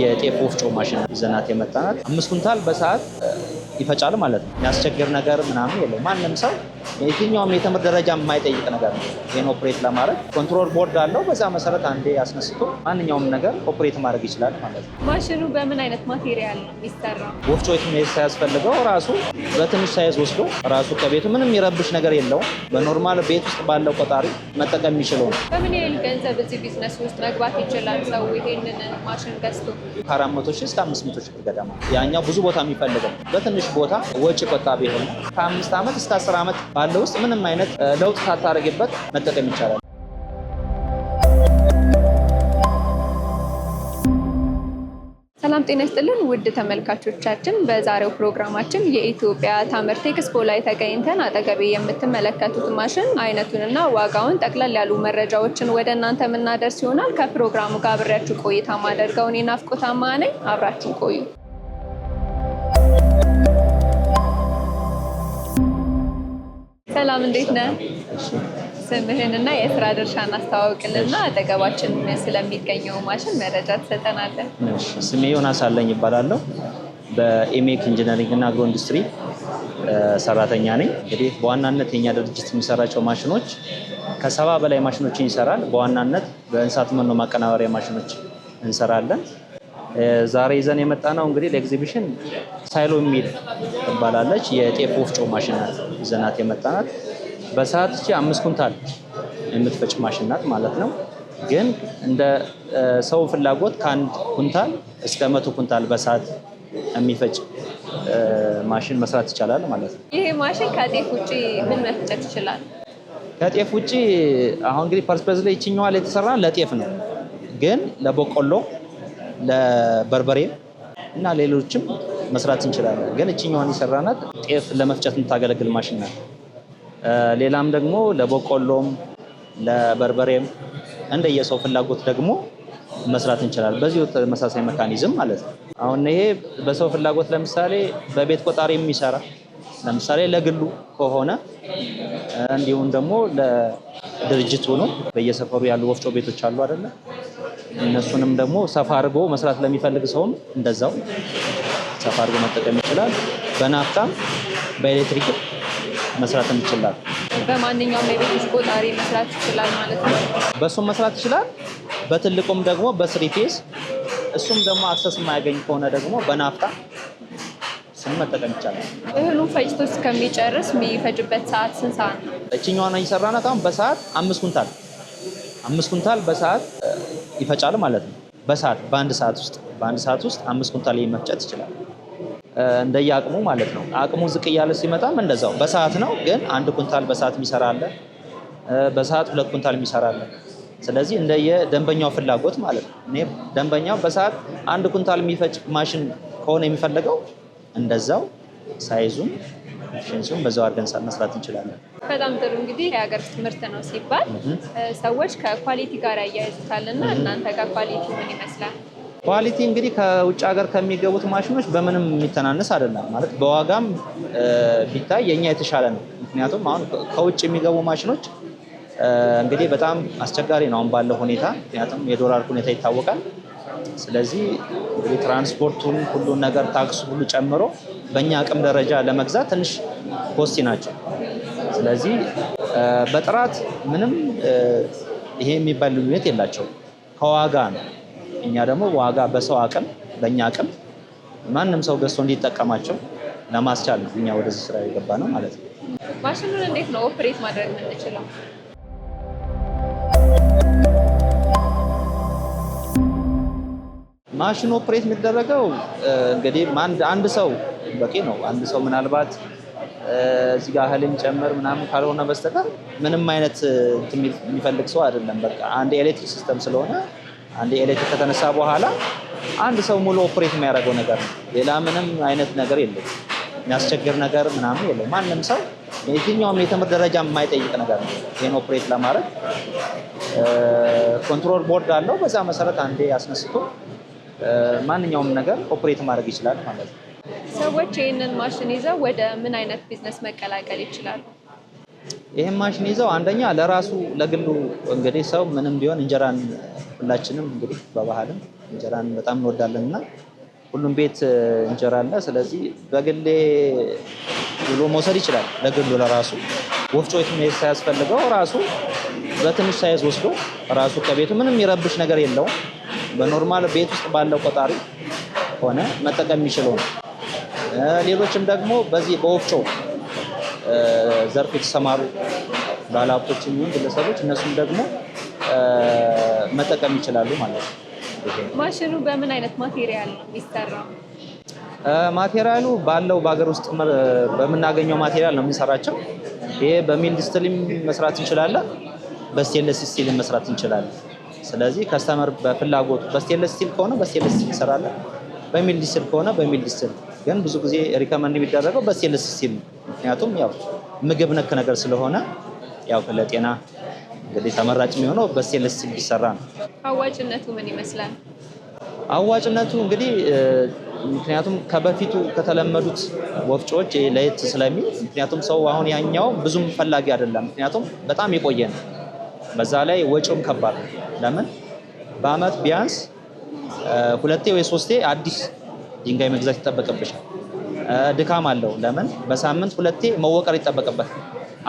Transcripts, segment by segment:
የጤፍ ወፍጮ ማሽን ይዘናት የመጣናት አምስት ኩንታል በሰዓት ይፈጫል ማለት ነው። የሚያስቸግር ነገር ምናምን የለው። ማንም ሰው የትኛውም የትምህርት ደረጃ የማይጠይቅ ነገር ነው። ይህን ኦፕሬት ለማድረግ ኮንትሮል ቦርድ አለው። በዛ መሰረት አንዴ አስነስቶ ማንኛውም ነገር ኦፕሬት ማድረግ ይችላል ማለት ነው። ማሽኑ በምን አይነት ማቴሪያል ነው የሚሰራው? ወፍጮ የትም ሳያስፈልገው ራሱ በትንሽ ሳይዝ ወስዶ ራሱ ከቤቱ ምንም የሚረብሽ ነገር የለውም። በኖርማል ቤት ውስጥ ባለው ቆጣሪ መጠቀም የሚችለው ነው። በምን ያህል ገንዘብ እዚህ ቢዝነስ ውስጥ መግባት ይችላል? ሰው ይሄንን ማሽን ገዝቶ ከአራት መቶ ሺህ እስከ አምስት መቶ ሺህ ገደማ። ያኛው ብዙ ቦታ የሚፈልገው ትንሽ ቦታ ወጪ ቆጣቢ የሆነ ከአምስት ዓመት እስከ አስር ዓመት ባለው ውስጥ ምንም አይነት ለውጥ ሳታደርግበት መጠቀም ይቻላል። ሰላም ጤና ይስጥልን ውድ ተመልካቾቻችን፣ በዛሬው ፕሮግራማችን የኢትዮጵያ ታምርት ኤክስፖ ላይ ተገኝተን አጠገቤ የምትመለከቱት ማሽን አይነቱንና ዋጋውን ጠቅለል ያሉ መረጃዎችን ወደ እናንተ የምናደርስ ይሆናል። ከፕሮግራሙ ጋር አብሬያችሁ ቆይታ ማደርገውን ናፍቆታማ ነኝ። አብራችሁ ቆዩ። ሰላም እንዴት ነህ? ስምህን እና የስራ ድርሻ እናስተዋውቅልና አጠገባችን ስለሚገኘው ማሽን መረጃ ትሰጠናለን። ስሜ ዮናስ አለኝ ይባላለሁ። በኤሜክ ኢንጂነሪንግ እና አግሮ ኢንዱስትሪ ሰራተኛ ነኝ። እንግዲህ በዋናነት የኛ ድርጅት የሚሰራቸው ማሽኖች ከሰባ በላይ ማሽኖችን ይሰራል። በዋናነት በእንስሳት መኖ ማቀናበሪያ ማሽኖች እንሰራለን። ዛሬ ይዘን የመጣ ነው እንግዲህ ለኤግዚቢሽን ሳይሎ ሚል ትባላለች። የጤፍ ወፍጮ ማሽን ናት ይዘናት የመጣናት። በሰዓት እቺ አምስት ኩንታል የምትፈጭ ማሽን ናት ማለት ነው። ግን እንደ ሰው ፍላጎት ከአንድ ኩንታል እስከ መቶ ኩንታል በሰዓት የሚፈጭ ማሽን መስራት ይቻላል ማለት ነው። ይሄ ማሽን ከጤፍ ውጭ ምን መፍጨት ይችላል? ከጤፍ ውጭ አሁን እንግዲህ ፐርስፐዝ ላይ ይችኛዋል የተሰራ ለጤፍ ነው፣ ግን ለበቆሎ ለበርበሬ እና ሌሎችም መስራት እንችላለን። ግን እችኛዋን የሰራናት ጤፍ ለመፍጨት የምታገለግል ማሽን ናት። ሌላም ደግሞ ለበቆሎም ለበርበሬም እንደየሰው ፍላጎት ደግሞ መስራት እንችላለን። በዚሁ ተመሳሳይ መካኒዝም ማለት ነው። አሁን ይሄ በሰው ፍላጎት ለምሳሌ በቤት ቆጣሪ የሚሰራ ለምሳሌ ለግሉ ከሆነ እንዲሁም ደግሞ ለድርጅት ሆኖ በየሰፈሩ ያሉ ወፍጮ ቤቶች አሉ አይደለም። እነሱንም ደግሞ ሰፋ አድርጎ መስራት ለሚፈልግ ሰውም እንደዛው ሰፋ አድርጎ መጠቀም ይችላል። በናፍጣም በኤሌክትሪክ መስራት ይችላል። በማንኛውም የቤት ውስጥ ቆጣሪ መስራት ይችላል ማለት ነው። በእሱም መስራት ይችላል። በትልቁም ደግሞ በስሪ ፌስ እሱም ደግሞ አክሰስ የማያገኝ ከሆነ ደግሞ በናፍጣ ስም መጠቀም ይቻላል። እህሉ ፈጭቶ እስከሚጨርስ የሚፈጅበት ሰዓት ስንት ሰዓት ነው? እችኛዋን እየሰራናት አሁን በሰዓት አምስት ኩንታል አምስት ኩንታል በሰዓት ይፈጫል ማለት ነው። በሰዓት በአንድ ሰዓት ውስጥ በአንድ ሰዓት ውስጥ አምስት ኩንታል መፍጨት ይችላል። እንደየ አቅሙ ማለት ነው። አቅሙ ዝቅ እያለ ሲመጣም እንደዛው በሰዓት ነው። ግን አንድ ኩንታል በሰዓት የሚሰራ አለ፣ በሰዓት ሁለት ኩንታል የሚሰራ አለ። ስለዚህ እንደየ ደንበኛው ፍላጎት ማለት ነው። እኔ ደንበኛው በሰዓት አንድ ኩንታል የሚፈጭ ማሽን ከሆነ የሚፈልገው እንደዛው ሳይዙም ኤፊሽንሲውን በዛው አድርገን መስራት እንችላለን። በጣም ጥሩ እንግዲህ የሀገር ውስጥ ምርት ነው ሲባል ሰዎች ከኳሊቲ ጋር ያያይዙታል እና እናንተ ጋር ኳሊቲ ምን ይመስላል? ኳሊቲ እንግዲህ ከውጭ ሀገር ከሚገቡት ማሽኖች በምንም የሚተናነስ አይደለም። ማለት በዋጋም ቢታይ የኛ የተሻለ ነው። ምክንያቱም አሁን ከውጭ የሚገቡ ማሽኖች እንግዲህ በጣም አስቸጋሪ ነው አሁን ባለው ሁኔታ፣ ምክንያቱም የዶላር ሁኔታ ይታወቃል። ስለዚህ እንግዲህ ትራንስፖርቱን ሁሉን ነገር ታክሱ ሁሉ ጨምሮ በእኛ አቅም ደረጃ ለመግዛት ትንሽ ኮስቲ ናቸው። ስለዚህ በጥራት ምንም ይሄ የሚባል ልዩነት የላቸው ከዋጋ ነው። እኛ ደግሞ ዋጋ በሰው አቅም በእኛ አቅም ማንም ሰው ገዝቶ እንዲጠቀማቸው ለማስቻል ነው እኛ ወደዚህ ስራ የገባ ነው ማለት ነው። ማሽኑን እንዴት ነው ኦፕሬት ማድረግ የምንችለው? ማሽን ኦፕሬት የሚደረገው እንግዲህ አንድ ሰው በቂ ነው። አንድ ሰው ምናልባት እዚህ ጋር እህልን ጨምር ምናምን ካልሆነ በስተቀር ምንም አይነት የሚፈልግ ሰው አይደለም። በቃ አንድ የኤሌክትሪክ ሲስተም ስለሆነ አንድ የኤሌክትሪክ ከተነሳ በኋላ አንድ ሰው ሙሉ ኦፕሬት የሚያደርገው ነገር ነው። ሌላ ምንም አይነት ነገር የለም። የሚያስቸግር ነገር ምናምን የለም። ማንም ሰው የትኛውም የትምህርት ደረጃ የማይጠይቅ ነገር ነው። ይህን ኦፕሬት ለማድረግ ኮንትሮል ቦርድ አለው። በዛ መሰረት አንዴ አስነስቶ ማንኛውም ነገር ኦፕሬት ማድረግ ይችላል ማለት ነው። ሰዎች ይህንን ማሽን ይዘው ወደ ምን አይነት ቢዝነስ መቀላቀል ይችላሉ? ይህን ማሽን ይዘው አንደኛ ለራሱ ለግሉ እንግዲህ ሰው ምንም ቢሆን እንጀራን ሁላችንም እንግዲህ በባህልም እንጀራን በጣም እንወዳለን እና ሁሉም ቤት እንጀራ አለ። ስለዚህ በግሌ ብሎ መውሰድ ይችላል። ለግሉ ለራሱ ወፍጮ ቤት መሄድ ሳያስፈልገው ራሱ በትንሽ ሳይዝ ወስዶ ራሱ ከቤቱ ምንም የሚረብሽ ነገር የለውም። በኖርማል ቤት ውስጥ ባለው ቆጣሪ ሆነ መጠቀም የሚችለው ነው። ሌሎችም ደግሞ በዚህ በወፍጮ ዘርፍ የተሰማሩ ባለሀብቶች የሚሆን ግለሰቦች እነሱም ደግሞ መጠቀም ይችላሉ ማለት ነው። ማሽኑ በምን አይነት ማቴሪያል ነው የሚሰራው? ማቴሪያሉ ባለው በሀገር ውስጥ በምናገኘው ማቴሪያል ነው የምንሰራቸው። ይሄ በሚል ዲስትሊም መስራት እንችላለን፣ በስቴንለስ ስቲልም መስራት እንችላለን። ስለዚህ ከስተመር በፍላጎቱ በስቴንለስ ስቲል ከሆነ በስቴንለስ ስቲል እንሰራለን፣ በሚል ዲስል ከሆነ በሚል ዲስል። ግን ብዙ ጊዜ ሪከመንድ የሚደረገው በስቴንለስ ስቲል ነው። ምክንያቱም ያው ምግብ ነክ ነገር ስለሆነ ያው ለጤና እንግዲህ ተመራጭ የሚሆነው በስቴንለስ ስቲል ቢሰራ ነው። አዋጭነቱ ምን ይመስላል? አዋጭነቱ እንግዲህ ምክንያቱም ከበፊቱ ከተለመዱት ወፍጮዎች ለየት ስለሚል ምክንያቱም ሰው አሁን ያኛው ብዙም ፈላጊ አይደለም። ምክንያቱም በጣም የቆየ ነው በዛ ላይ ወጪውም ከባድ ነው። ለምን በአመት ቢያንስ ሁለቴ ወይ ሶስቴ አዲስ ድንጋይ መግዛት ይጠበቅብሻል። ድካም አለው። ለምን በሳምንት ሁለቴ መወቀር ይጠበቅበት።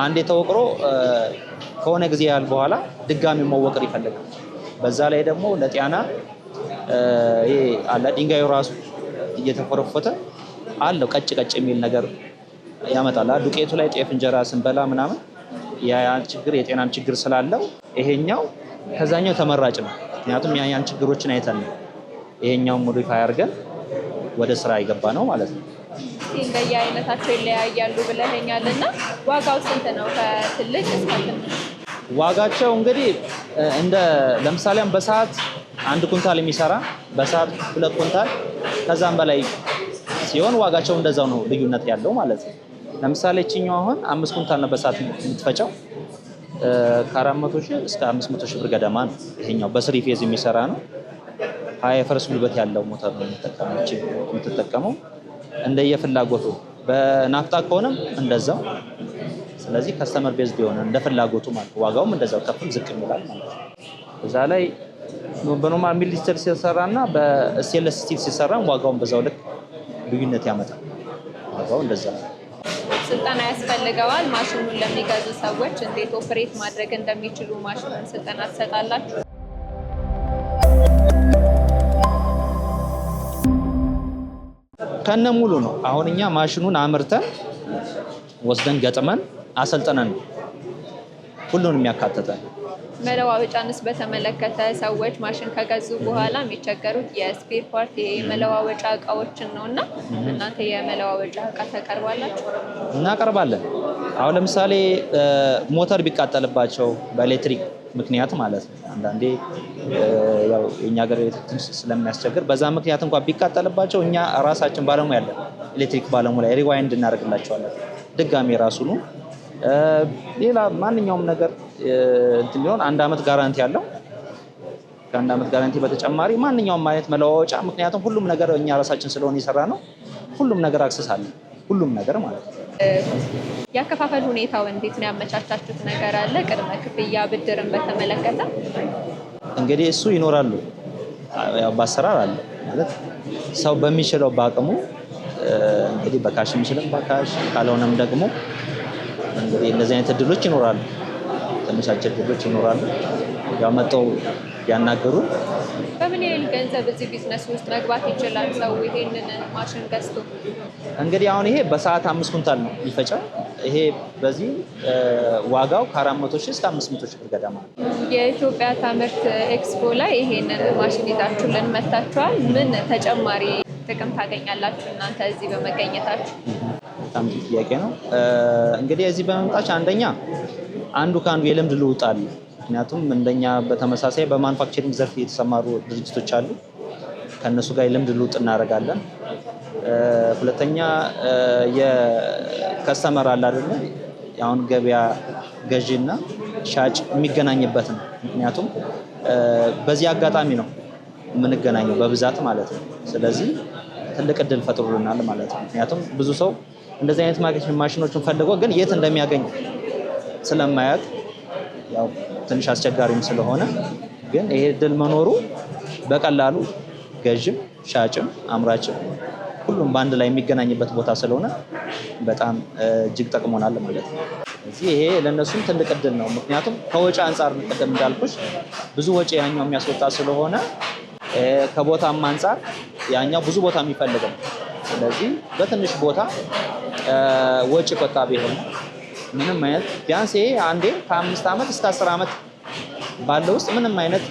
አንዴ ተወቅሮ ከሆነ ጊዜ ያህል በኋላ ድጋሚ መወቀር ይፈልጋል። በዛ ላይ ደግሞ ለጤና አለ ድንጋዩ ራሱ እየተፈረፈተ አለው ቀጭ ቀጭ የሚል ነገር ያመጣል። ዱቄቱ ላይ ጤፍ እንጀራ ስንበላ ምናምን የያን ችግር የጤናን ችግር ስላለው ይሄኛው ከዛኛው ተመራጭ ነው። ምክንያቱም ያን ችግሮችን አይተን ነው ይሄኛውን ሞዲፋይ አድርገን ወደ ስራ የገባ ነው ማለት ነው። በየአይነታቸው ይለያያሉ ብለኸኛል እና ዋጋው ስንት ነው? ከትልቅ እስከ ትንሽ ዋጋቸው እንግዲህ እንደ ለምሳሌ በሰዓት አንድ ኩንታል የሚሰራ በሰዓት ሁለት ኩንታል ከዛም በላይ ሲሆን ዋጋቸው እንደዛው ነው ልዩነት ያለው ማለት ነው። ለምሳሌ እችኛው አሁን አምስት ኩንታል ነው በሰዓት የምትፈጨው ከአራት መቶ ሺህ እስከ አምስት መቶ ሺህ ብር ገደማ ነው። ይሄኛው በስሪ ፌዝ የሚሰራ ነው። ሀያ የፈረስ ጉልበት ያለው ሞተር ነው የምትጠቀመው። እንደየፍላጎቱ በናፍጣ ከሆነም እንደዛው። ስለዚህ ከስተመር ቤዝ ቢሆን እንደ ፍላጎቱ ማለት ዋጋውም እንደዛው ከፍም ዝቅ ይላል ማለት ነው። እዛ ላይ በኖርማል ሚሊስተር ሲሰራ እና በስቴንለስ ስቲል ሲሰራ ዋጋውም በዛው ልክ ልዩነት ያመጣል። ዋጋው እንደዛ ነው። ስልጠና ያስፈልገዋል። ማሽኑን ለሚገዙ ሰዎች እንዴት ኦፕሬት ማድረግ እንደሚችሉ ማሽኑን ስልጠና ትሰጣላችሁ? ከነ ሙሉ ነው። አሁን እኛ ማሽኑን አምርተን ወስደን ገጥመን አሰልጠነን ነው ሁሉንም ያካተተን መለዋወጫንስ በተመለከተ ሰዎች ማሽን ከገዙ በኋላ የሚቸገሩት የስፔር ፓርት የመለዋወጫ እቃዎችን ነው እና እናንተ የመለዋወጫ እቃ ተቀርባላችሁ? እናቀርባለን። አሁን ለምሳሌ ሞተር ቢቃጠልባቸው በኤሌክትሪክ ምክንያት ማለት ነው። አንዳንዴ ያው የኛ ሀገር ኤሌክትሪክ ስለሚያስቸግር በዛ ምክንያት እንኳን ቢቃጠልባቸው እኛ ራሳችን ባለሙያ ያለን ኤሌክትሪክ ባለሙያ ላይ ሪዋይንድ እናደርግላቸዋለን ድጋሜ ራሱኑ ሌላ ማንኛውም ነገር እንትን ቢሆን አንድ አመት ጋራንቲ አለው። ከአንድ አመት ጋራንቲ በተጨማሪ ማንኛውም አይነት መለዋወጫ፣ ምክንያቱም ሁሉም ነገር እኛ ራሳችን ስለሆነ የሰራ ነው። ሁሉም ነገር አክሰስ አለ። ሁሉም ነገር ማለት ነው። ያከፋፈል ሁኔታው እንዴት ነው? ያመቻቻችሁት ነገር አለ? ቅድመ ክፍያ፣ ብድርን በተመለከተ እንግዲህ እሱ ይኖራሉ። በአሰራር አለ ማለት ሰው በሚችለው በአቅሙ እንግዲህ በካሽ የሚችልም በካሽ ካልሆነም ደግሞ እንግዲህ እንደዚህ አይነት እድሎች ይኖራሉ። ያልተመቻቸ ልጆች ይኖራሉ። ያው መጠው ያናገሩ በምን ያህል ገንዘብ እዚህ ቢዝነስ ውስጥ መግባት ይችላል ሰው ይሄንን ማሽን ገዝቶ? እንግዲህ አሁን ይሄ በሰዓት አምስት ኩንታል ነው ይፈጫል። ይሄ በዚህ ዋጋው ከአራት መቶ ሺህ እስከ አምስት መቶ ሺህ ብር ገደማ የኢትዮጵያ ታምርት ኤክስፖ ላይ ይሄንን ማሽን ይዛችሁልን መታችኋል። ምን ተጨማሪ ጥቅም ታገኛላችሁ እናንተ እዚህ በመገኘታችሁ? በጣም ጥያቄ ነው። እንግዲህ እዚህ በመምጣች አንደኛ አንዱ ከአንዱ የልምድ ልውጥ አለ። ምክንያቱም እንደኛ በተመሳሳይ በማኑፋክቸሪንግ ዘርፍ የተሰማሩ ድርጅቶች አሉ። ከእነሱ ጋር የልምድ ልውጥ እናደርጋለን። ሁለተኛ የከስተመር አለ አይደለ? አሁን ገበያ ገዢና ሻጭ የሚገናኝበት ነው። ምክንያቱም በዚህ አጋጣሚ ነው የምንገናኘው በብዛት ማለት ነው። ስለዚህ ትልቅ እድል ፈጥሮልናል ማለት ነው። ምክንያቱም ብዙ ሰው እንደዚህ አይነት ማሽኖችን ፈልጎ ግን የት እንደሚያገኝ ስለማያውቅ ያው ትንሽ አስቸጋሪም ስለሆነ ግን ይሄ እድል መኖሩ በቀላሉ ገዥም፣ ሻጭም፣ አምራችም ሁሉም በአንድ ላይ የሚገናኝበት ቦታ ስለሆነ በጣም እጅግ ጠቅሞናል ማለት ነው። እዚህ ይሄ ለእነሱም ትልቅ እድል ነው። ምክንያቱም ከወጪ አንጻር ቅድም እንዳልኩሽ ብዙ ወጪ ያኛው የሚያስወጣ ስለሆነ ከቦታም አንጻር ያኛው ብዙ ቦታ የሚፈልግ ነው። ስለዚህ በትንሽ ቦታ ወጪ ቆጣቢ ሆነ ምንም አይነት ቢያንስ ይሄ አንዴ ከአምስት ዓመት እስከ አስር ዓመት ባለው ውስጥ ምንም አይነት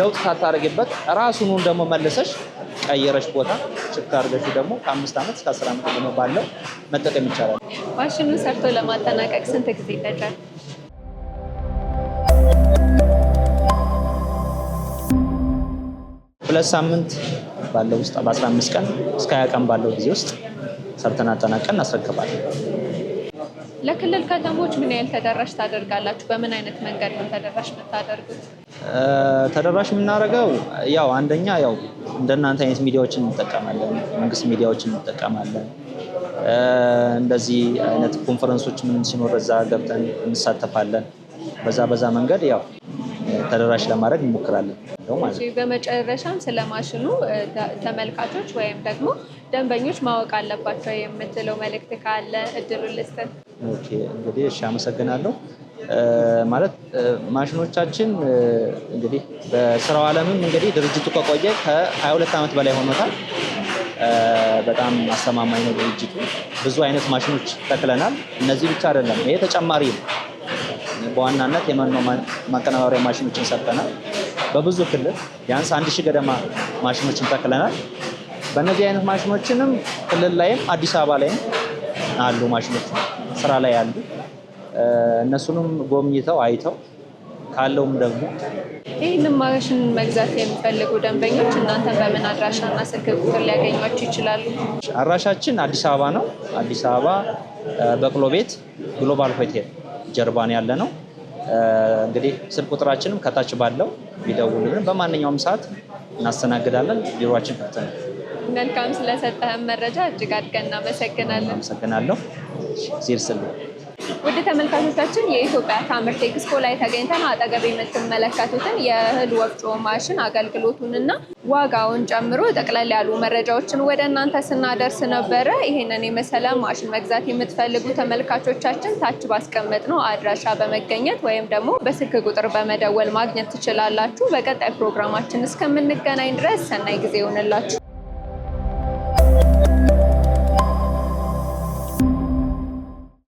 ለውጥ ሳታደርግበት ራሱኑ ደግሞ መልሰሽ ቀየረሽ ቦታ ሽፍት አድርገሽ ደግሞ ከአምስት ዓመት እስከ አስር ዓመት ደግሞ ባለው መጠቀም ይቻላል። ማሽኑን ሰርቶ ለማጠናቀቅ ስንት ጊዜ ይፈጃል? ሁለት ሳምንት ባለው ውስጥ በ15 ቀን እስከ 20 ቀን ባለው ጊዜ ውስጥ ሰርተን አጠናቀን እናስረክባለን። ለክልል ከተሞች ምን ያህል ተደራሽ ታደርጋላችሁ? በምን አይነት መንገድ ነው ተደራሽ የምታደርጉት? ተደራሽ የምናደርገው ያው አንደኛ ያው እንደናንተ አይነት ሚዲያዎችን እንጠቀማለን፣ መንግስት ሚዲያዎችን እንጠቀማለን። እንደዚህ አይነት ኮንፈረንሶች ምን ሲኖር እዛ ገብተን እንሳተፋለን። በዛ በዛ መንገድ ያው ተደራሽ ለማድረግ እንሞክራለን። በመጨረሻም ስለ ማሽኑ ተመልካቾች ወይም ደግሞ ደንበኞች ማወቅ አለባቸው የምትለው መልእክት ካለ እድሉ ልስጥን። ኦኬ እንግዲህ እሺ፣ አመሰግናለሁ። ማለት ማሽኖቻችን እንግዲህ በስራው ዓለምም እንግዲህ ድርጅቱ ከቆየ ከ22 ዓመት በላይ ሆኖታል። በጣም አስተማማኝ ነው ድርጅቱ። ብዙ አይነት ማሽኖች ተክለናል። እነዚህ ብቻ አይደለም፣ ይሄ ተጨማሪ ነው። በዋናነት የመኖ ማቀነባበሪያ ማሽኖችን ሰጠናል። በብዙ ክልል ቢያንስ አንድ ሺህ ገደማ ማሽኖችን ተክለናል። በእነዚህ አይነት ማሽኖችንም ክልል ላይም አዲስ አበባ ላይም አሉ ማሽኖች ስራ ላይ ያሉ እነሱንም ጎብኝተው አይተው ካለውም ደግሞ ይህንን ማሽን መግዛት የሚፈልጉ ደንበኞች እናንተን በምን አድራሻ እና ስልክ ቁጥር ሊያገኟቸው ይችላሉ? አድራሻችን አዲስ አበባ ነው። አዲስ አበባ በቅሎ ቤት ግሎባል ሆቴል ጀርባን ያለ ነው። እንግዲህ ስልክ ቁጥራችንም ከታች ባለው ቢደውሉልን በማንኛውም ሰዓት እናስተናግዳለን። ቢሮችን ክፍት ነው። መልካም፣ ስለሰጠህን መረጃ እጅግ አድርገን እናመሰግናለን። አመሰግናለሁ። ዜር ውድ ተመልካቾቻችን የኢትዮጵያ ታምርት ኤክስፖ ላይ ተገኝተን አጠገብ የምትመለከቱትን የእህል ወፍጮ ማሽን አገልግሎቱንና ዋጋውን ጨምሮ ጠቅለል ያሉ መረጃዎችን ወደ እናንተ ስናደርስ ነበረ። ይህንን የመሰለ ማሽን መግዛት የምትፈልጉ ተመልካቾቻችን ታች ባስቀመጥ ነው አድራሻ በመገኘት ወይም ደግሞ በስልክ ቁጥር በመደወል ማግኘት ትችላላችሁ። በቀጣይ ፕሮግራማችን እስከምንገናኝ ድረስ ሰናይ ጊዜ ይሆንላችሁ።